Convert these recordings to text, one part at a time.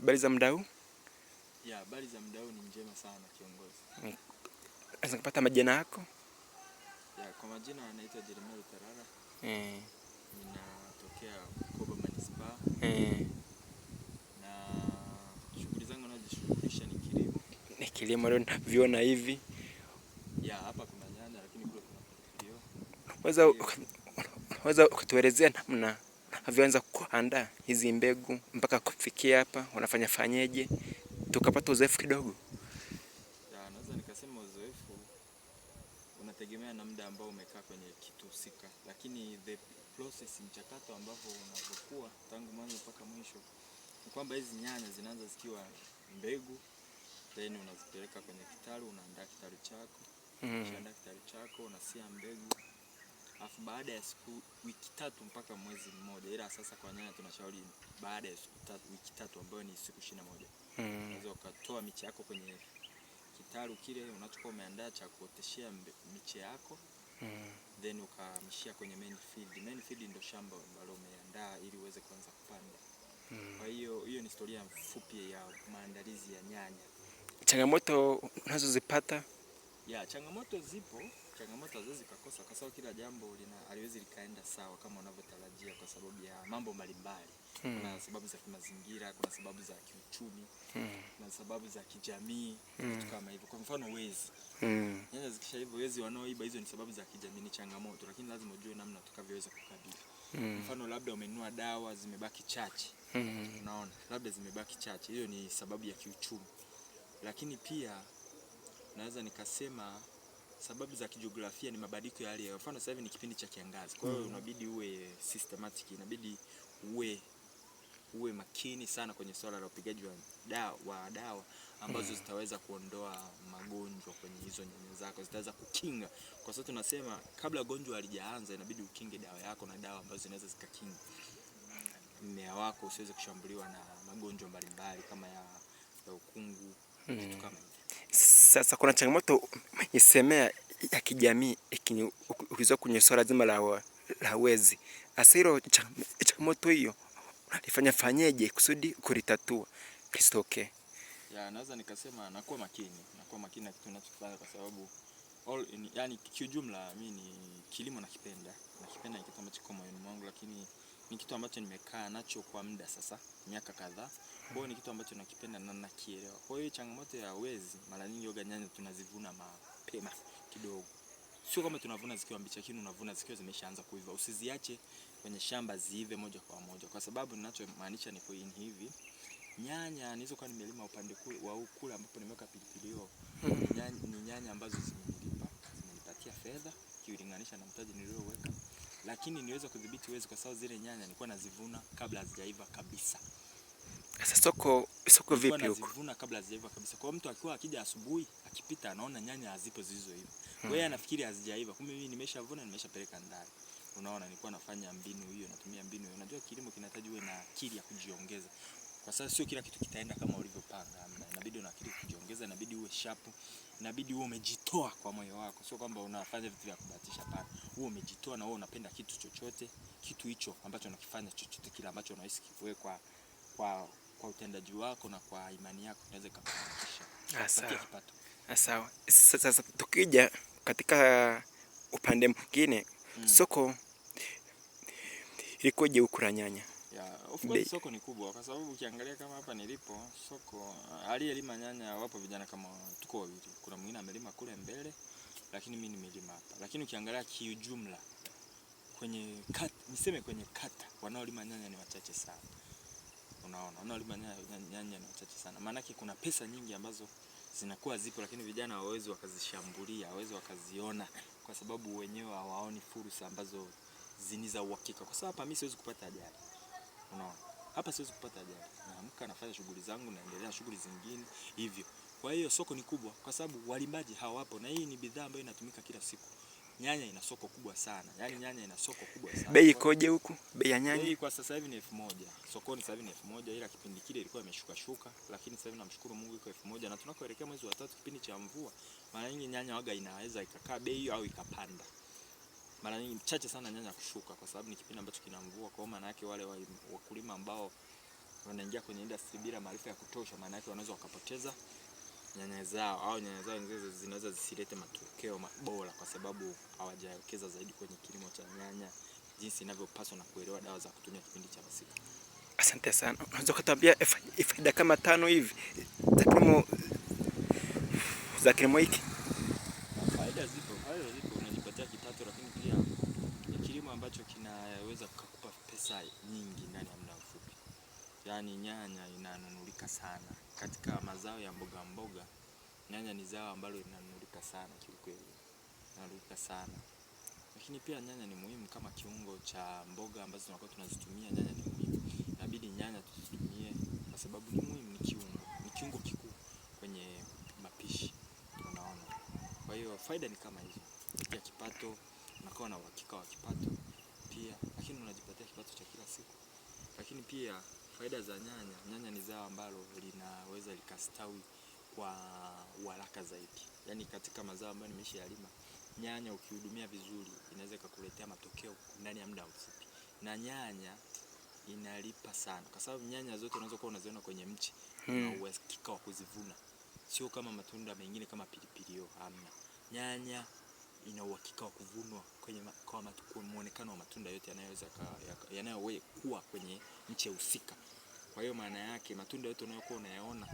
Habari za mdau? Ya, habari za mdau ni njema sana kiongozi. Sasa kupata majina yako? Ya, kwa majina anaitwa Jeremiah Tarara. Eh. Ninatokea Bukoba Manispa. Eh. Na shughuli zangu najishughulisha ni kilimo. Ni kilimo leo viona hivi. Ya, hapa kuna nyanya lakini kule kuna pilipili. Waweza waweza kutuelezea namna wanavyoanza kuandaa hizi mbegu mpaka kufikia hapa wanafanya fanyeje, tukapata uzoefu kidogo. Naweza nikasema uzoefu unategemea na muda ambao umekaa kwenye kitu husika, lakini the process, mchakato ambapo unapokuwa tangu mwanzo mpaka mwisho ni kwamba hizi nyanya zinaanza zikiwa mbegu, then unazipeleka kwenye kitalu, unaandaa kitalu chako, mm. Mm-hmm. andaa kitalu chako unasia mbegu alafu baada ya siku wiki tatu mpaka mwezi mmoja, ila sasa kwa nyanya tunashauri baada ya siku tatu, wiki tatu ambayo ni siku ishirini na moja mm. unaweza ukatoa miche yako kwenye kitalu kile unachokuwa umeandaa cha kuoteshea miche yako mm. then ukahamishia kwenye main field. Main field ndio shamba ambalo umeandaa ili uweze kuanza kupanda mm. kwa hiyo hiyo ni historia fupi ya maandalizi ya nyanya. Changamoto unazozipata? Ya, changamoto zipo changamoto haziwezi kukosa, kwa sababu kila jambo lina aliwezi likaenda sawa kama unavyotarajia, kwa sababu ya mambo mbalimbali. Hmm. Kuna sababu za kimazingira, kuna sababu za kiuchumi mm. kuna sababu za kijamii mm. kitu kama hivyo. Kwa mfano wezi mm. nyanya zikisha hivyo wezi wanaoiba, hizo ni sababu za kijamii, ni changamoto, lakini lazima ujue namna utakavyoweza kukabili mm. mfano labda umenunua dawa zimebaki chache mm. unaona, labda zimebaki chache, hiyo ni sababu ya kiuchumi, lakini pia naweza nikasema sababu za kijiografia ni mabadiliko ya hali ya hewa. Mfano sasa hivi ni kipindi cha kiangazi, kwa hiyo mm. unabidi uwe systematic, inabidi uwe uwe makini sana kwenye swala la upigaji wa dawa, wa dawa ambazo mm. zitaweza kuondoa magonjwa kwenye hizo nyanya zako, zitaweza kukinga. Kwa sababu tunasema kabla gonjwa halijaanza inabidi ukinge dawa yako na dawa ambazo zinaweza zikakinga mmea wako usiweze kushambuliwa na magonjwa mbalimbali kama ya, ya ukungu mm. kitu kama hivyo. Sasa kuna changamoto isemea ya kijamii ikiingizwa kwenye swala zima la la wezi. Hasa hilo changamoto hiyo unalifanya fanyeje kusudi kulitatua lisitokee? Ya, naweza nikasema nakuwa makini, nakuwa makini na kitu ninachokifanya kwa sababu all in, yani kiujumla mimi ni kilimo nakipenda, nakipenda ni kitu ambacho kiko moyoni mwangu lakini ni kitu ambacho nimekaa nacho kwa muda sasa, miaka kadhaa. Kwa hiyo ni kitu ambacho nakipenda na nakielewa. Kwa hiyo changamoto ya wezi, mara nyingi yoga nyanya tunazivuna mapema kidogo, sio kama tunavuna zikiwa mbichi, lakini unavuna zikiwa zimeshaanza kuiva. Usiziache kwenye shamba ziive moja kwa moja, kwa sababu ninachomaanisha ni kuini hivi nyanya nizo kwa nimelima upande kule wa ukula ambapo nimeweka pilipili hiyo. Hmm. ni nyanya ambazo zimenilipa zimenipatia fedha kiulinganisha na mtaji nilioweka lakini niweze kudhibiti uwezo, kwa sababu zile nyanya nilikuwa nazivuna kabla hazijaiva kabisa. Sasa soko soko vipi huko? Nazivuna kabla hazijaiva kabisa. Kwa mtu akiwa akija asubuhi akipita anaona nyanya hazipo zilizoiva. Kwa hiyo hmm, anafikiri hazijaiva. Kumbe mimi nimeshavuna nimeshapeleka ndani. Unaona, nilikuwa nafanya mbinu hiyo, natumia mbinu hiyo. Unajua kilimo kinahitaji uwe na akili ya kujiongeza. Kwa sababu sio kila kitu kitaenda kama ulivyopanga. Inabidi una akili kujiongeza, inabidi uwe sharp, inabidi wewe umejitoa kwa moyo wako, sio kwamba unafanya vitu vya kubahatisha. Hapana, wewe umejitoa na wewe unapenda kitu chochote, kitu hicho ambacho unakifanya, chochote kile ambacho unahisi kiwe kwa, kwa, kwa utendaji wako na kwa imani yako unaweza kufanikisha ah, kipato. Ah, sawa, sasa tukija katika upande mwingine, mm. soko ilikoje huku nyanya? Yeah, of course soko ni kubwa kwa sababu ukiangalia kama hapa nilipo soko aliyelima nyanya wapo vijana kama tuko wawili. Kuna mwingine amelima kule mbele lakini mimi nimelima hapa. Lakini ukiangalia kiujumla kwenye kata, niseme kwenye kata wanaolima nyanya ni wachache sana. Unaona, wanaolima nyanya, nyanya ni wachache sana. Maana kuna pesa nyingi ambazo zinakuwa zipo lakini vijana hawawezi wakazishambulia, hawawezi wakaziona kwa sababu wenyewe hawaoni fursa ambazo ziniza uhakika. Kwa sababu hapa mimi siwezi kupata ajali unaona hapa siwezi kupata ajali, naamka nafanya shughuli zangu, naendelea shughuli zingine hivyo. Kwa hiyo soko ni kubwa, kwa sababu walimbaji hawapo, na hii ni bidhaa ambayo inatumika kila siku. Nyanya ina soko kubwa sana, yaani nyanya ina soko kubwa sana. Bei ikoje huku? Bei ya nyanya kwa sasa hivi ni elfu moja sokoni, sasa hivi ni elfu moja ila kipindi kile ilikuwa imeshuka shuka, lakini sasa hivi namshukuru Mungu iko elfu moja na tunakoelekea mwezi wa tatu, kipindi cha mvua, mara nyingi nyanya waga inaweza ikakaa bei hiyo au ikapanda mara nyingi mchache sana nyanya kushuka, kwa sababu ni kipindi ambacho kina mvua. Kwa maana yake wale wakulima ambao wanaingia kwenye industry bila maarifa ya kutosha, maana yake wanaweza wakapoteza nyanya zao au nyanya zao zinaweza zisilete matokeo bora, kwa sababu hawajawekeza zaidi kwenye kilimo cha nyanya jinsi inavyopaswa na kuelewa dawa za kutumia kipindi cha masika. Asante sana. Unaweza kutuambia faida kama tano hivi za kilimo za kilimo hiki? Faida zipo, faida zipo kupitia kipato, lakini pia ni kilimo ambacho kinaweza kukupa pesa nyingi ndani ya muda mfupi. Yaani nyanya inanunulika sana katika mazao ya mboga mboga, nyanya ni zao ambalo linanunulika sana kiukweli, linanunulika sana lakini pia nyanya ni muhimu kama kiungo cha mboga ambazo tunakuwa tunazitumia. Nyanya ni muhimu, inabidi nyanya tuzitumie kwa sababu ni muhimu, ni kiungo, ni kiungo kikuu kwenye mapishi, unaona. Kwa hiyo faida ni kama hizo unajipatia kipato, unakuwa na uhakika wa kipato pia, lakini unajipatia kipato cha kila siku. Lakini pia faida za nyanya, nyanya ni zao ambalo linaweza likastawi kwa haraka zaidi, yaani katika mazao ambayo yalima nyanya ukihudumia vizuri inaweza ikakuletea matokeo ndani ya muda mfupi, na nyanya inalipa sana, kwa sababu nyanya zote unaweza kuwa unaziona kwenye mchi hmm, na uhakika wa kuzivuna, sio kama matunda mengine kama pilipili, hiyo hamna. Nyanya ina uhakika wa kuvunwa kwenye kwa muonekano wa matunda yote yanayoweza yanayowe kuwa kwenye mche husika. Kwa hiyo maana yake matunda yote unayokuwa unayaona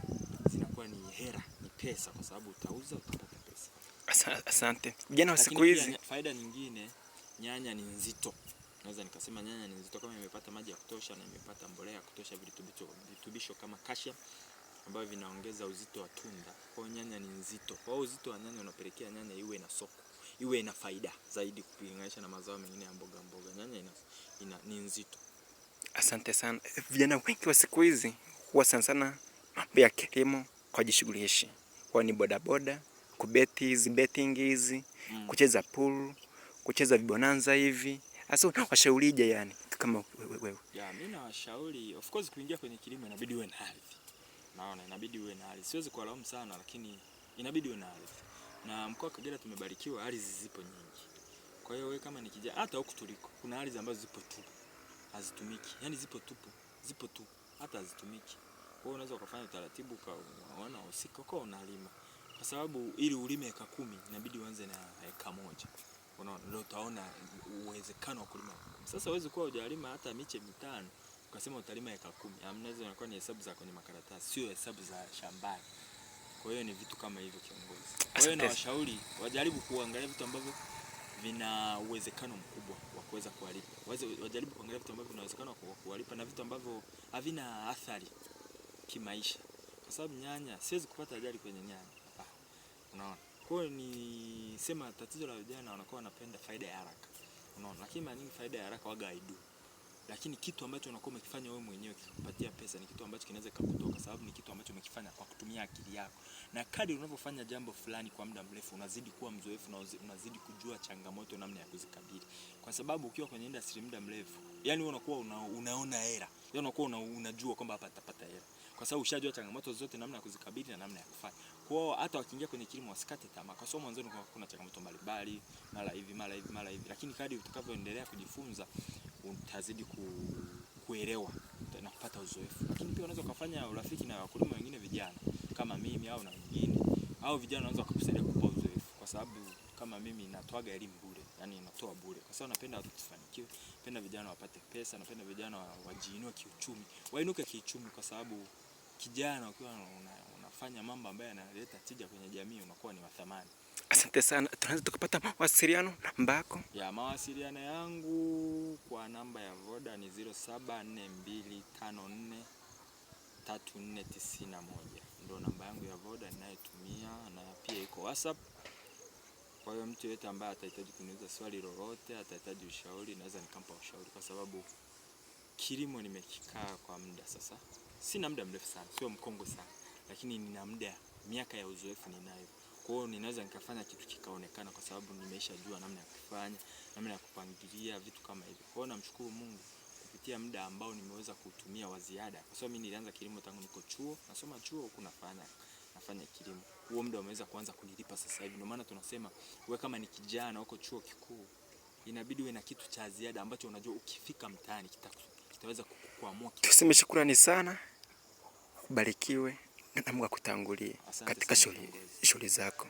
zinakuwa ni hera, ni pesa, kwa sababu utauza utapata pesa. Asante vijana wa siku hizi. Faida nyingine, nyanya ni nzito, naweza nikasema nyanya ni nzito kama imepata maji ya kutosha na imepata mbolea ya kutosha, virutubisho kama kasha ambayo vinaongeza uzito wa tunda. Kwa hiyo nyanya ni nzito, kwa hiyo uzito wa nyanya unapelekea nyanya iwe na soko iwe ina faida zaidi kulinganisha na mazao mengine ya mboga mboga. Nyanya ina, ina, ni nzito. Asante sana. Vijana wengi wa siku hizi huwa sana sana mambo ya kilimo kwa jishughulishi, huwa ni bodaboda, kubeti hizi betting hizi mm, kucheza pool, kucheza vibonanza hivi. Hasa washaurije yani kama wewe? we. Ya, mimi nawashauri of course kuingia kwenye kilimo inabidi uwe na ardhi. Naona inabidi uwe na ardhi. Siwezi kuwalaumu sana lakini inabidi uwe na ardhi na mkoa wa Kagera tumebarikiwa, ardhi zipo nyingi. Kwa hiyo wewe kama nikija hata huku tuliko kuna ardhi ambazo zipo tu hazitumiki, yani zipo tupu, zipo tu hata hazitumiki. Kwa hiyo unaweza ukafanya utaratibu ukaona usiku kwa unalima, kwa sababu ili ulime eka kumi inabidi uanze na eka moja unaona, ndio utaona uwezekano wa kulima. Sasa uwezi kuwa hujalima hata miche mitano ukasema utalima eka kumi, amnaweza inakuwa ni hesabu za kwenye makaratasi, sio hesabu za shambani. Kwa hiyo ni vitu kama hivyo kiongozi. Kwa hiyo nawashauri wajaribu kuangalia vitu ambavyo vina uwezekano mkubwa wa kuweza kuwalipa, wajaribu kuangalia vitu ambavyo vina uwezekano wa kuwalipa na vitu ambavyo havina athari kimaisha, kwa sababu nyanya, siwezi kupata ajali kwenye nyanya, ah, unaona. Kwa hiyo ni sema tatizo la vijana wanakuwa wanapenda faida ya haraka, unaona, lakini mara nyingi faida ya haraka waga haidumu lakini kitu ambacho unakuwa umekifanya wewe mwenyewe kikupatia pesa ni kitu ambacho kinaweza kukutoka, sababu ni kitu ambacho umekifanya kwa kutumia akili yako, na kadri unavyofanya jambo fulani kwa muda mrefu, unazidi kuwa mzoefu na unazidi kujua changamoto, namna ya kuzikabili, kwa sababu ukiwa kwenye industry muda mrefu, yani wewe unakuwa una, unaona hela, yani unakuwa una, unajua kwamba hapa atapata hela kwa sababu ushajua changamoto zote, namna ya kuzikabili na namna ya kufanya. Kwa hiyo hata wakiingia kwenye kilimo wasikate tamaa, kwa sababu mwanzoni kuna changamoto mbalimbali, mara hivi mara hivi mara hivi, lakini kadri utakavyoendelea kujifunza utazidi ku, kuelewa na kupata uzoefu. Lakini pia unaweza kufanya urafiki na wakulima wengine vijana kama mimi au na wengine au vijana wanaweza kukusaidia kupata uzoefu, kwa sababu kama mimi natoaga elimu bure, yani natoa bure, kwa sababu napenda watu tufanikiwe, napenda vijana wapate pesa, napenda vijana wajiinue kiuchumi, wainuke kiuchumi kwa sababu kijana ukiwa una, unafanya mambo ambayo yanaleta tija kwenye jamii unakuwa ni wathamani. Asante sana, tunaweza tukapata mawasiliano namba yako? Ya mawasiliano yangu kwa namba ya Voda ni 0742543491 ndio namba yangu ya Voda ninayotumia na pia iko WhatsApp. Kwa hiyo mtu yeyote ambaye atahitaji kuniuliza swali lolote, atahitaji ushauri, naweza nikampa ushauri, kwa sababu kilimo nimekikaa kwa muda sasa sina muda mrefu sana, sio mkongo sana, lakini nina muda, miaka ya uzoefu ninayo. Kwa hiyo ninaweza nikafanya kitu kikaonekana, kwa sababu nimeshajua namna ya kufanya, namna ya kupangilia vitu kama hivyo. Kwa hiyo namshukuru Mungu kupitia muda ambao nimeweza kuutumia wa ziada, kwa sababu mimi nilianza kilimo tangu niko chuo, nasoma chuo huku nafanya nafanya kilimo. Huo muda umeweza kuanza kunilipa sasa hivi. Ndio maana tunasema wewe kama ni kijana uko chuo kikuu, inabidi uwe na kitu cha ziada ambacho unajua ukifika mtaani kita, kitaweza kukuamua. Tuseme shukrani sana ubarikiwe na Mungu akutangulie katika shughuli zako.